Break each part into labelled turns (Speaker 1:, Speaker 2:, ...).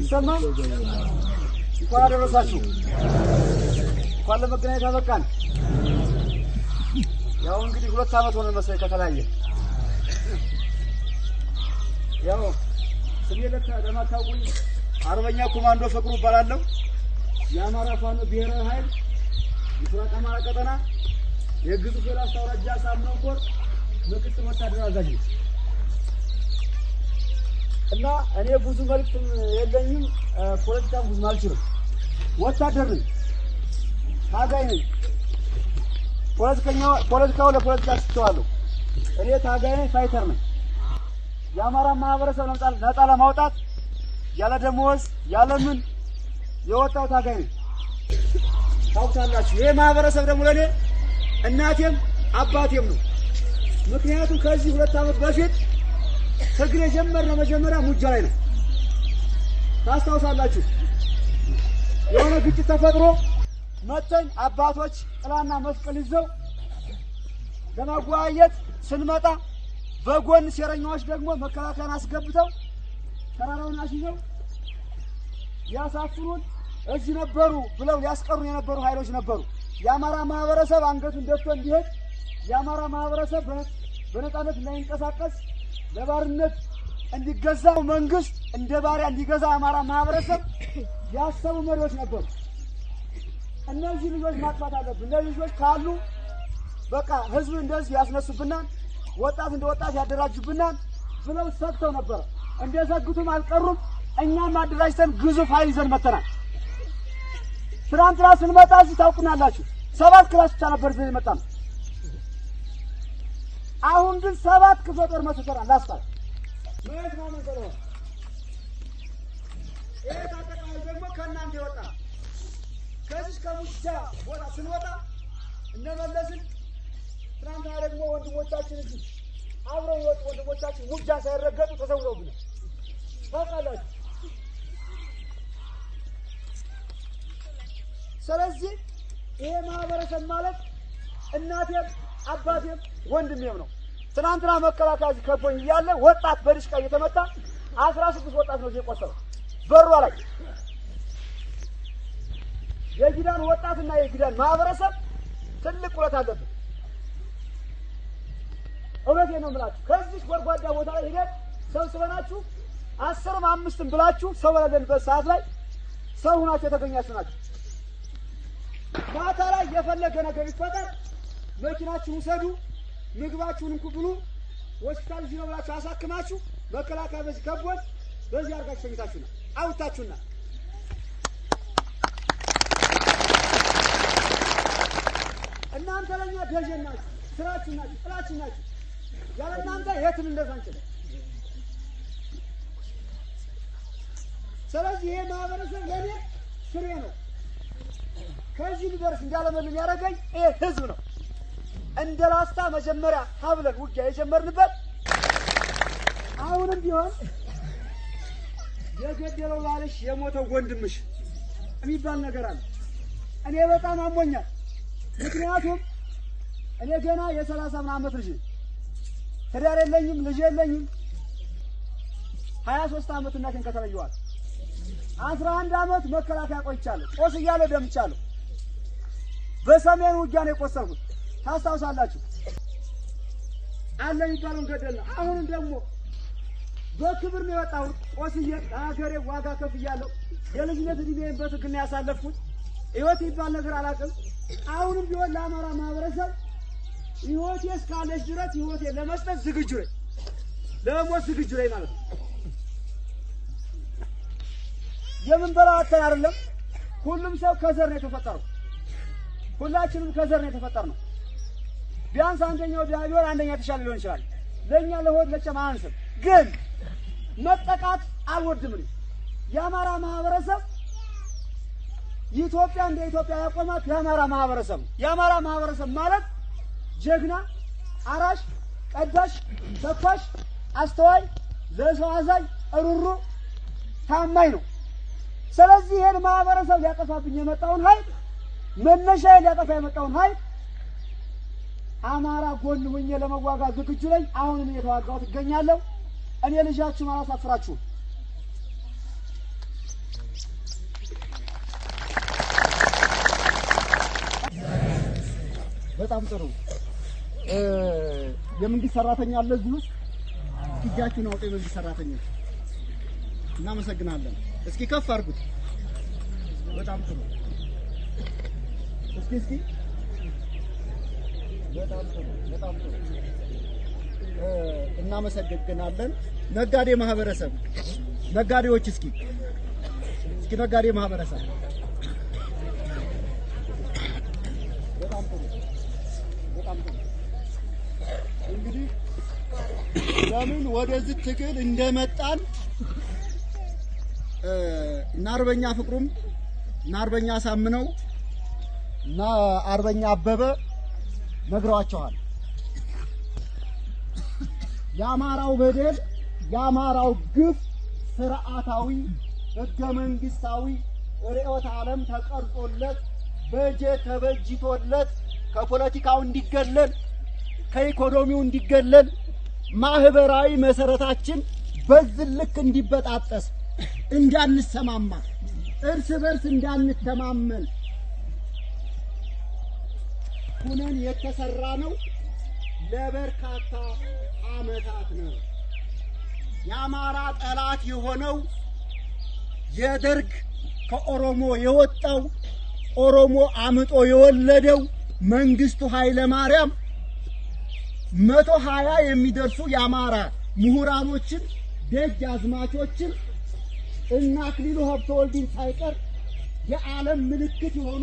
Speaker 1: ይሰማል። እንኳን አደረሳችሁ፣ እንኳን ለመገናኘት አበቃን። ያው እንግዲህ ሁለት ዓመት ሆነ መሰለኝ ከተለያየ። ያው ስሜ ለማታውቁኝ አርበኛ ኮማንዶ ፍቅሩ እባላለሁ። የአማራ ፋኖ ብሔራዊ ኃይል ምስራቅ አማራ ቀጠና የግዙፍ ራስ አውራጃ ሳምነው ኮር ምክትል ወታደር አዛዥ እና እኔ ብዙ መልክት የለኝም፣ ፖለቲካ ብዙ አልችልም። ወታደር ነኝ፣ ታጋይ ነኝ። ፖለቲካው ለፖለቲካ ስተዋለሁ። እኔ ታጋይ ነኝ፣ ፋይተር ነኝ። የአማራ ማህበረሰብ ነፃ ለማውጣት ያለ ደሞዝ ያለ ምን የወጣው ታጋይ ነኝ። ታውቁታላችሁ። ይህ ማህበረሰብ ደግሞ ለእኔ እናቴም አባቴም ነው። ምክንያቱም ከዚህ ሁለት ዓመት በፊት ትግል የጀመርነው መጀመሪያ ሙጃ ላይ ነው። ታስታውሳላችሁ። የሆነ ግጭት ተፈጥሮ መተን አባቶች ጥላና መስቀል ይዘው ለማጓየት ስንመጣ በጎን ሴረኛዎች ደግሞ መከላከያን አስገብተው ተራራውን አስይዘው ሊያሳፍሩን እዚህ ነበሩ ብለው ሊያስቀሩን የነበሩ ኃይሎች ነበሩ። የአማራ ማህበረሰብ አንገቱን ደፍቶ እንዲሄድ፣ የአማራ ማህበረሰብ በነፃነት እንዳይንቀሳቀስ ለባርነት እንዲገዛው መንግስት እንደ ባሪያ እንዲገዛ አማራ ማህበረሰብ ያሰቡ መሪዎች ነበሩ። እነዚህ ልጆች ማጥፋት አለብን። እነዚህ ልጆች ካሉ በቃ ህዝብ እንደዚህ ያስነሱብናል፣ ወጣት እንደ ወጣት ያደራጁብናል ብለው ሰግተው ነበረ። እንደሰግቱም አልቀሩም። እኛም አደራጅተን ግዙፍ ኃይል ይዘን መተናል። ትናንትና ስንመጣ እዚህ ታውቁናላችሁ። ሰባት ክላስ ብቻ ነበር ይዘን ነው። አሁን ግን ሰባት ክፍለ ጦር መስርተናል። ላስታል ማለት ነው ነው ይሄ ታጠቃላይ ደግሞ ከእናንተ ይወጣ። ከዚህ ከሙጫ ቦታ ስንወጣ እነመለስን ትናንትና ደግሞ ወንድሞቻችን እዚህ አብረው ወጡ። ወንድሞቻችን ሙጃ ሳይረገጡ ተሰውረው ብለ ታውቃላችሁ። ስለዚህ ይሄ ማህበረሰብ ማለት እናቴም አባቴም ወንድሜም ነው። ትናንትና መከላከያ እዚህ ከቦኝ እያለ ወጣት በድሽቃ እየተመታ አስራ ስድስት ወጣት ነው የቆሰለው በሯ ላይ የጊዳን ወጣትና የጊዳን ማህበረሰብ ትልቅ ውለት አለብን። እውነቴ ነው የምላችሁ። ከዚህ ጎድጓዳ ቦታ ላይ ሄደን ሰብስበናችሁ አስርም አምስትም ብላችሁ ሰው በሌለንበት ሰዓት ላይ ሰው ሁናችሁ የተገኛችሁ ናችሁ። ማታ ላይ የፈለገ ነገር ይፈጠር መኪናችሁን ውሰዱ፣ ምግባችሁን እንኩ ብሉ፣ ሆስፒታል እዚህ ነው ብላችሁ አሳክማችሁ መከላከያ በዚህ ከቦት በዚህ አድርጋችሁ ተኝታችሁና አውታችሁና እናንተ ለኛ ደጀን ናችሁ፣ ስራችሁ ናችሁ፣ ጥላችሁ ናችሁ። ያለ እናንተ የትም እንደዛ አንችልም። ስለዚህ ይሄ ማህበረሰብ ለእኔ ስሬ ነው። ከዚህ ሊደርስ እንዳለመልም ያደረገኝ ይሄ ህዝብ ነው። እንደ ላስታ መጀመሪያ ሀብለን ውጊያ የጀመርንበት አሁንም ቢሆን የገደለው ባልሽ የሞተው ወንድምሽ የሚባል ነገር አለ። እኔ በጣም አሞኛል። ምክንያቱም እኔ ገና የሰላሳ ምን ዓመት ልጅ ትዳር የለኝም፣ ልጅ የለኝም። ሀያ ሶስት ዓመት እናቴን ከተለየዋል። አስራ አንድ ዓመት መከላከያ ቆይቻለሁ። ቆስ እያለ ደምቻለሁ። በሰሜን ውጊያ ነው የቆሰልኩት። ታስታውሳላችሁ። አለ የሚባለውን ገደልና አሁንም ደግሞ በክብር ነው የወጣሁት። ቆስዬ ለሀገሬ ዋጋ ከፍ እያለሁ የልጅነት እድሜን በትክክል ያሳለፍኩት። ህይወት ይባል ነገር አላውቅም። አሁንም ቢሆን ለአማራ ማህበረሰብ ህይወቴ እስካለች ድረስ ህይወቴ ለመስጠት ዝግጁ ነኝ፣ ለሞት ዝግጁ ነኝ ማለት ነው። የምንበላው አተን አይደለም። ሁሉም ሰው ከዘር ነው የተፈጠረው። ሁላችንም ከዘር ነው የተፈጠርነው። ቢያንስ አንደኛው ቢሆን አንደኛ የተሻለ ሊሆን ይችላል። ለእኛ ለሆድ መቼም አንስም፣ ግን መጠቃት አልወድም። የአማራ ማህበረሰብ ኢትዮጵያ እንደ ኢትዮጵያ ያቆማት የአማራ ማህበረሰብ ነው። የአማራ ማህበረሰብ ማለት ጀግና፣ አራሽ፣ ቀዳሽ፣ ተኳሽ፣ አስተዋይ፣ ለሰው አዛኝ፣ ሩሩ፣ ታማኝ ነው። ስለዚህ ይሄን ማህበረሰብ ሊያጠፋብኝ የመጣውን ኃይል መነሻ ሊያጠፋ የመጣውን ኃይል አማራ ጎን ሁኜ ለመዋጋ ዝግጁ ነኝ። አሁንም እየተዋጋሁ ትገኛለሁ። እኔ ልጃችሁን አላሳፍራችሁም። በጣም ጥሩ። የመንግስት ሰራተኛ አለ እዚህ ውስጥ? እጃችሁን አውጡ የመንግስት ሰራተኞች። እናመሰግናለን። እስኪ ከፍ አድርጉት። በጣም ጥሩ። እስኪ እስኪ እናመሰግናለን። ነጋዴ ማህበረሰብ፣ ነጋዴዎች እስኪ እስኪ ነጋዴ ማህበረሰብ እንግዲህ ለምን ወደዚህ ትግል እንደመጣን እና አርበኛ ፍቅሩም እና አርበኛ ሳምነው እና አርበኛ አበበ ነግሯቸዋል። የአማራው በደል የአማራው ግፍ ስርዓታዊ ህገ መንግስታዊ ርዕዮተ ዓለም ተቀርጾለት በጀት ተበጅቶለት ከፖለቲካው እንዲገለል ከኢኮኖሚው እንዲገለል ማህበራዊ መሰረታችን በዝን ልክ እንዲበጣጠስ እንዳንሰማማ እርስ በርስ እንዳንተማመን ሁነን የተሰራ ነው ለበርካታ ዓመታት ነው። የአማራ ጠላት የሆነው የደርግ ከኦሮሞ የወጣው ኦሮሞ አምጦ የወለደው መንግስቱ ኃይለ ማርያም መቶ ሀያ የሚደርሱ የአማራ ምሁራኖችን ደጅ አዝማቾችን እና አክሊሉ ሀብተወልድን ሳይቀር የዓለም ምልክት የሆኑ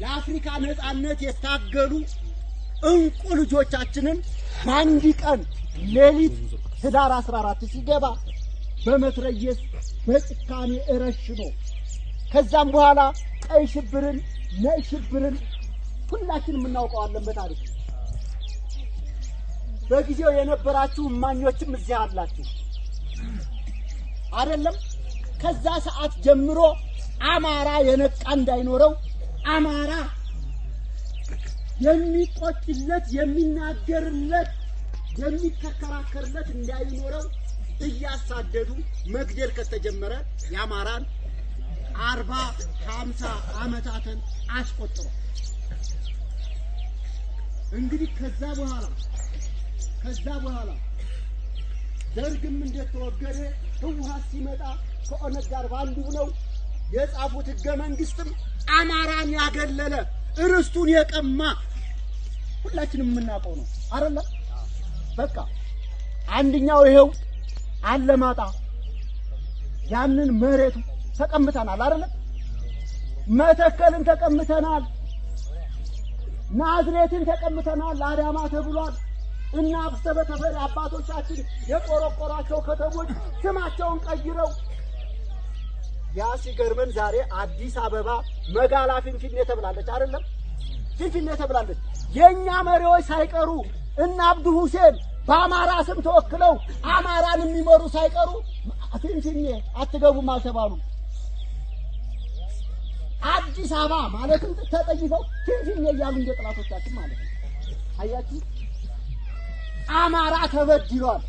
Speaker 1: ለአፍሪካ ነጻነት የታገሉ እንቁ ልጆቻችንን በአንድ ቀን ሌሊት ህዳር 14 ሲገባ በመትረየስ በጭካኔ እረሽኖ ከዛም በኋላ ቀይ ሽብርን፣ ነጭ ሽብርን ሁላችን የምናውቀዋለን በታሪክ በጊዜው የነበራችሁ እማኞችም እዚህ አላችሁ አይደለም? ከዛ ሰዓት ጀምሮ አማራ የነቃ እንዳይኖረው አማራ የሚቆጭለት የሚናገርለት የሚከከራከርለት እንዳይኖረው እያሳደዱ መግደል ከተጀመረ የአማራን አርባ ሀምሳ አመታትን አስቆጥሯል። እንግዲህ ከዛ በኋላ ከዛ በኋላ ደርግም እንደተወገደ ህወሓት ሲመጣ ከኦነግ ጋር ባንዱ ነው የጻፉት ህገ መንግስትም አማራን ያገለለ እርስቱን የቀማ ሁላችንም የምናውቀው ነው አይደለ? በቃ አንድኛው ይሄው አለማጣ ያንን መሬቱ ተቀምተናል አይደለ? መተከልን ተቀምተናል፣ ናዝሬትን ተቀምተናል፣ አዳማ ተብሏል። እና አብሰበ ተፈሪ አባቶቻችን የቆረቆሯቸው ከተሞች ስማቸውን ቀይረው ያ ሲገርመን ዛሬ አዲስ አበባ መጋላ ፊንፊኔ ተብላለች። አይደለም ፊንፊኔ ተብላለች። የእኛ መሪዎች ሳይቀሩ እነ አብዱ ሁሴን በአማራ ስም ተወክለው አማራን የሚመሩ ሳይቀሩ ፊንፊኔ አትገቡም አልተባሉም። አዲስ አበባ ማለትም ተጠይፈው ፊንፊኔ እያሉ እንደ ጥላቶቻችን ማለት ነው። አያችሁ አማራ ተበድሏል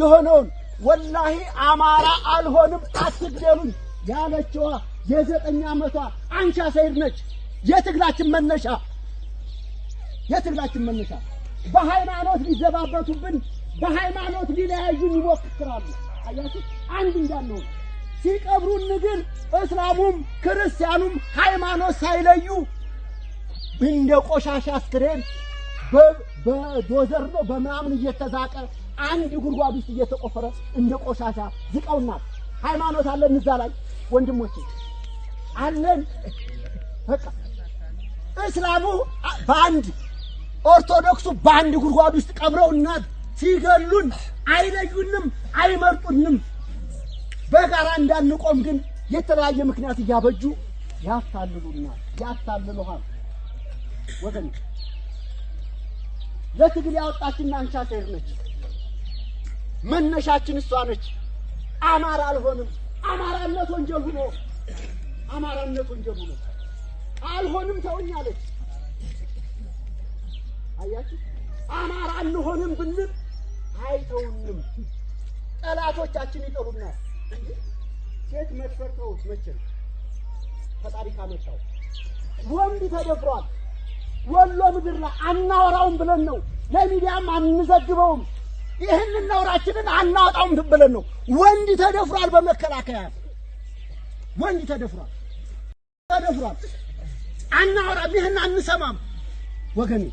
Speaker 1: የሆነውን ወላሂ አማራ አልሆንም አትግደሉኝ ያለችዋ የዘጠኝ ዓመቷ አንቻ ሰይድ ነች። የትግላችን መነሻ የትግላችን መነሻ በሃይማኖት ሊዘባበቱብን፣ በሃይማኖት ሊለያዩን ይሞክራሉ። አያችሁ አንድ እንዳልነው ሲቀብሩን ግን እስላሙም ክርስቲያኑም ሃይማኖት ሳይለዩ እንደ ቆሻሻ አስክሬን በዶዘር ነው በምናምን እየተዛቀ አንድ ጉድጓድ ውስጥ እየተቆፈረ እንደ ቆሻሻ ዝቀውናል። ሃይማኖት አለን እዛ ላይ ወንድሞቼ አለን። በቃ እስላሙ በአንድ ኦርቶዶክሱ በአንድ ጉድጓድ ውስጥ ቀብረውና ሲገሉን አይለዩንም፣ አይመርጡንም። በጋራ እንዳንቆም ግን የተለያየ ምክንያት እያበጁ ያታልሉናል፣ ያታልሉሃል ወገኖች ለትግል ያወጣችን አንቻ አሴር ነች። መነሻችን እሷ ነች። አማራ አልሆንም። አማራነት ወንጀል ሆኖ አማራነት ወንጀል ሆኖ አልሆንም ተውኛለች። አያችሁ አማራ አልሆንም ብንል አይተውንም። ጠላቶቻችን ይጠሉናል። ሴት መድፈር ተውት መቼም ፈጣሪ ካመጣው ወንድ ተደፍሯል። ወሎ ምድር ላይ አናወራውም ብለን ነው፣ ለሚዲያም አንዘግበውም። ይህንን ነውራችንን አናወጣውም ብለን ነው። ወንድ ተደፍሯል፣ በመከላከያ ወንድ ተደፍሯል፣ ተደፍሯል። አናወራም፣ ይህን አንሰማም። ወገኔ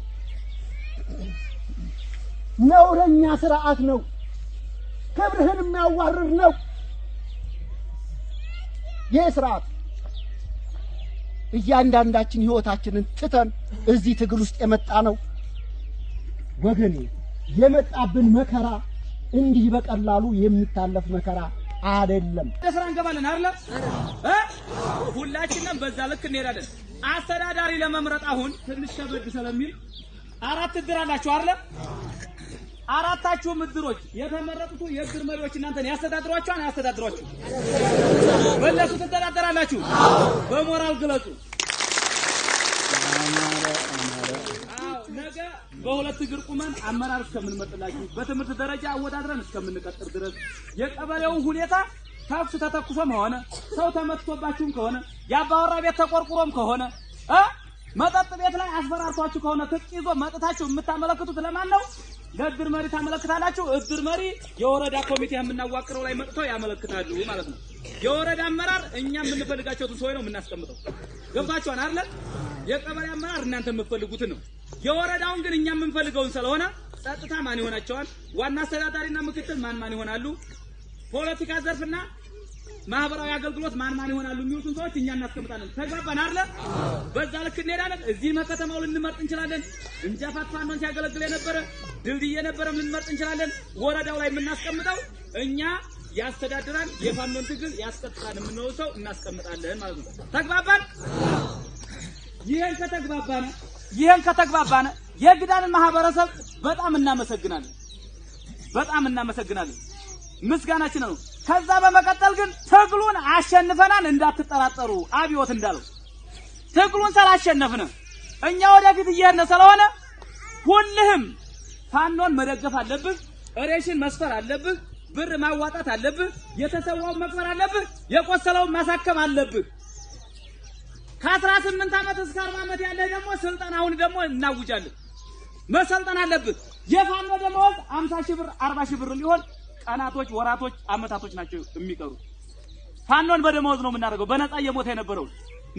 Speaker 1: ነውረኛ ስርዓት ነው፣ ክብርህን የሚያዋርድ ነው ይህ ስርዓት። እያንዳንዳችን ህይወታችንን ትተን እዚህ ትግል ውስጥ የመጣ ነው። ወገኔ የመጣብን መከራ እንዲህ በቀላሉ የሚታለፍ መከራ አይደለም። ወደ ስራ እንገባለን አይደለ? ሁላችንም በዛ ልክ እንሄዳለን። አስተዳዳሪ ለመምረጥ አሁን ትንሽ ከበድ ስለሚል አራት እድር አላችሁ አይደለ? አራታችሁ እድሮች የተመረጡት የእድር መሪዎች እናንተን ያስተዳድሯችኋል? አያስተዳድሯችሁ? በእነሱ ትተዳደራላችሁ? በሞራል ግለጹ። ነገ በሁለት እግር ቁመን አመራር እስከምንመጥላችሁ በትምህርት ደረጃ አወዳድረን እስከምንቀጥር ድረስ የቀበሌውን ሁኔታ ተኩስ ተተኩሶም ከሆነ ሰው ተመትቶባችሁም ከሆነ የአባወራ ቤት ተቆርቁሮም ከሆነ መጠጥ ቤት ላይ አስፈራርቷችሁ ከሆነ ትጥቅ ይዞ መጥታችሁ የምታመለክቱት ለማን ነው? ለእድር መሪ ታመለክታላችሁ። እድር መሪ የወረዳ ኮሚቴ የምናዋቅረው ላይ መጥተው ያመለክታሉ ማለት ነው። የወረዳ አመራር እኛ የምንፈልጋቸውን ሰዎች ነው የምናስቀምጠው። ገብታችኋል አይደለ? የቀበሌ አመራር እናንተ የምትፈልጉትን ነው። የወረዳውን ግን እኛ የምንፈልገውን ስለሆነ ጸጥታ ማን ይሆናቸዋል? ዋና አስተዳዳሪና ምክትል ማን ማን ይሆናሉ? ፖለቲካ ዘርፍና ማህበራዊ አገልግሎት ማን ማን ይሆናሉ የሚሉትን ሰዎች እኛ እናስቀምጣለን። ተግባባን አይደለ? በዛ ልክ እንሄዳለን። እዚህ መከተማው ልንመርጥ እንችላለን። እንጃፋት ፋኖን ሲያገለግል የነበረ ድልድይ የነበረም ልንመርጥ እንችላለን። ወረዳው ላይ የምናስቀምጠው እኛ ያስተዳድራል፣ የፋኖን ትግል ያስቀጥላል የምንለው ሰው እናስቀምጣለን ማለት ነው። ተግባባን። ይሄን ከተግባባን ይሄን ከተግባባን የግዳንን ማህበረሰብ በጣም እናመሰግናለን፣ በጣም እናመሰግናለን። ምስጋናችን ነው። ከዛ በመቀጠል ግን ትግሉን አሸንፈናል እንዳትጠራጠሩ። አብዮት እንዳለው ትግሉን ስላሸነፍን እኛ ወደፊት እየሄድን ስለሆነ ሁልህም ፋኖን መደገፍ አለብህ። እሬሽን መስፈር አለብህ። ብር ማዋጣት አለብህ። የተሰዋውን መቅበር አለብህ። የቆሰለውን ማሳከም አለብህ። ከአስራ ስምንት ዓመት እስከ አርባ ዓመት ያለህ ደግሞ ስልጠናውን ደግሞ እናውጃለን። መሰልጠን አለብህ። የፋኖ ደመወዝ አምሳ ሺህ ብር አርባ ሺህ ብር ሊሆን ቀናቶች፣ ወራቶች፣ አመታቶች ናቸው የሚቀሩት። ፋኖን በደሞዝ ነው የምናደርገው። በነፃ እየሞተ የነበረው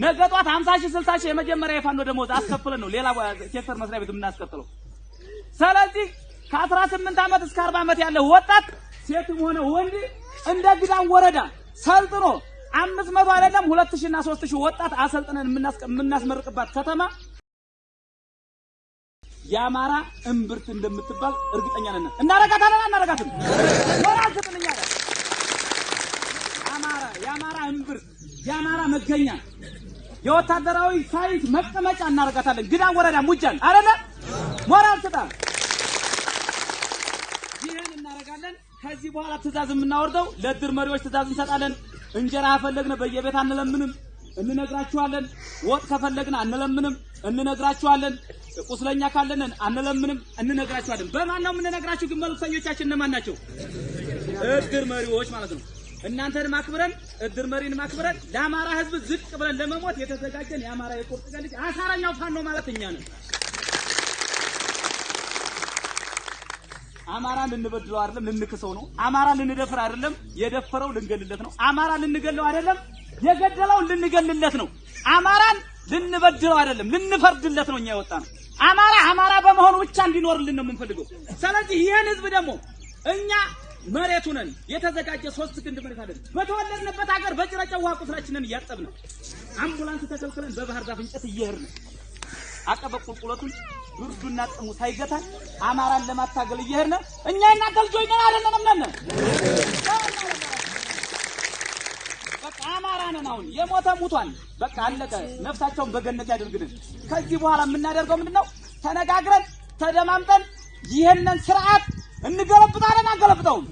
Speaker 1: ነገ ጧት 50 ሺህ 60 ሺህ የመጀመሪያ የፋኖ ደሞዝ አስከፍለን ነው ሌላ ሴክተር መስሪያ ቤት የምናስቀጥለው። ስለዚህ ከ18 ዓመት እስከ 40 ዓመት ያለው ወጣት ሴትም ሆነ ወንድ እንደ ግዳን ወረዳ ሰልጥኖ አምስት መቶ አይደለም ሁለት ሺህ እና ሶስት ሺህ ወጣት አሰልጥነን የምናስመርቅባት ከተማ የአማራ እምብርት እንደምትባል እርግጠኛ ነን። እናረጋታለን አናረጋትም? ወራጅ ብልኛ አማራ የአማራ እምብርት የአማራ መገኛ የወታደራዊ ሳይንስ መቀመጫ እናረጋታለን። ግዳን ወረዳ ሙጃን አረለ ሞራል ስጣን። ይህን እናረጋለን። ከዚህ በኋላ ትእዛዝ የምናወርደው ለድር መሪዎች ትእዛዝ እንሰጣለን። እንጀራ አፈለግነ በየቤት አንለምንም። እንነግራችኋለን። ወጥ ከፈለግን አንለምንም፣ እንነግራችኋለን። ቁስለኛ ካለን አንለምንም፣ እንነግራችኋለን። በማን ነው የምንነግራችሁ? ግን መልእክተኞቻችን እነማን ናቸው? እድር መሪዎች ማለት ነው። እናንተንም አክብረን እድር መሪን አክብረን ለአማራ ህዝብ ዝቅ ብለን ለመሞት የተዘጋጀን የአማራ የቁርጥ ቀን ልጅ አሳራኛው ፋኖ ማለት እኛ ነን። አማራን ልንበድለው አይደለም፣ ልንክሰው ነው። አማራ ልንደፍር አይደለም፣ የደፈረው ልንገልለት ነው። አማራ ልንገለው አይደለም የገደለው ልንገልለት ነው። አማራን ልንበድለው አይደለም፣ ልንፈርድለት ነው። እኛ የወጣ ነው አማራ አማራ በመሆኑ ብቻ እንዲኖርልን ነው የምንፈልገው። ስለዚህ ይህን ህዝብ ደግሞ እኛ መሬቱ ነን የተዘጋጀ ሶስት ክንድ መሬት አለን። በተወለድንበት ሀገር በጭረጨው ውሃ ቁስላችንን ነው። አምቡላንስ ተከልክለን በባህር ዛፍ እንጨት እየሄድን ነው። አቀበቅ ቁልቁለቱን ብርዱና ጥሙ ሳይገታል አማራን ለማታገል እየሄድን እኛ የናንተ ልጆች ነን አይደለንም ነን አሁን የሞተ ሙቷል፣ በቃ አለቀ። ነፍሳቸውን በገነት ያደርግልን። ከዚህ በኋላ የምናደርገው ምንድን ነው? ተነጋግረን ተደማምጠን ይህንን ስርዓት እንገለብጣለን። አንገለብጠውም፣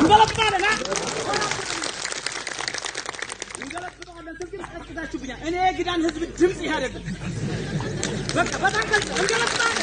Speaker 1: እንገለብጣለን እንገለብጠዋለን። ስልክ ቀጥታችሁብኛል። እኔ ግዳን ህዝብ ድምፅ ይህ አይደለም። በቃ በጣም እንገለብጣለን።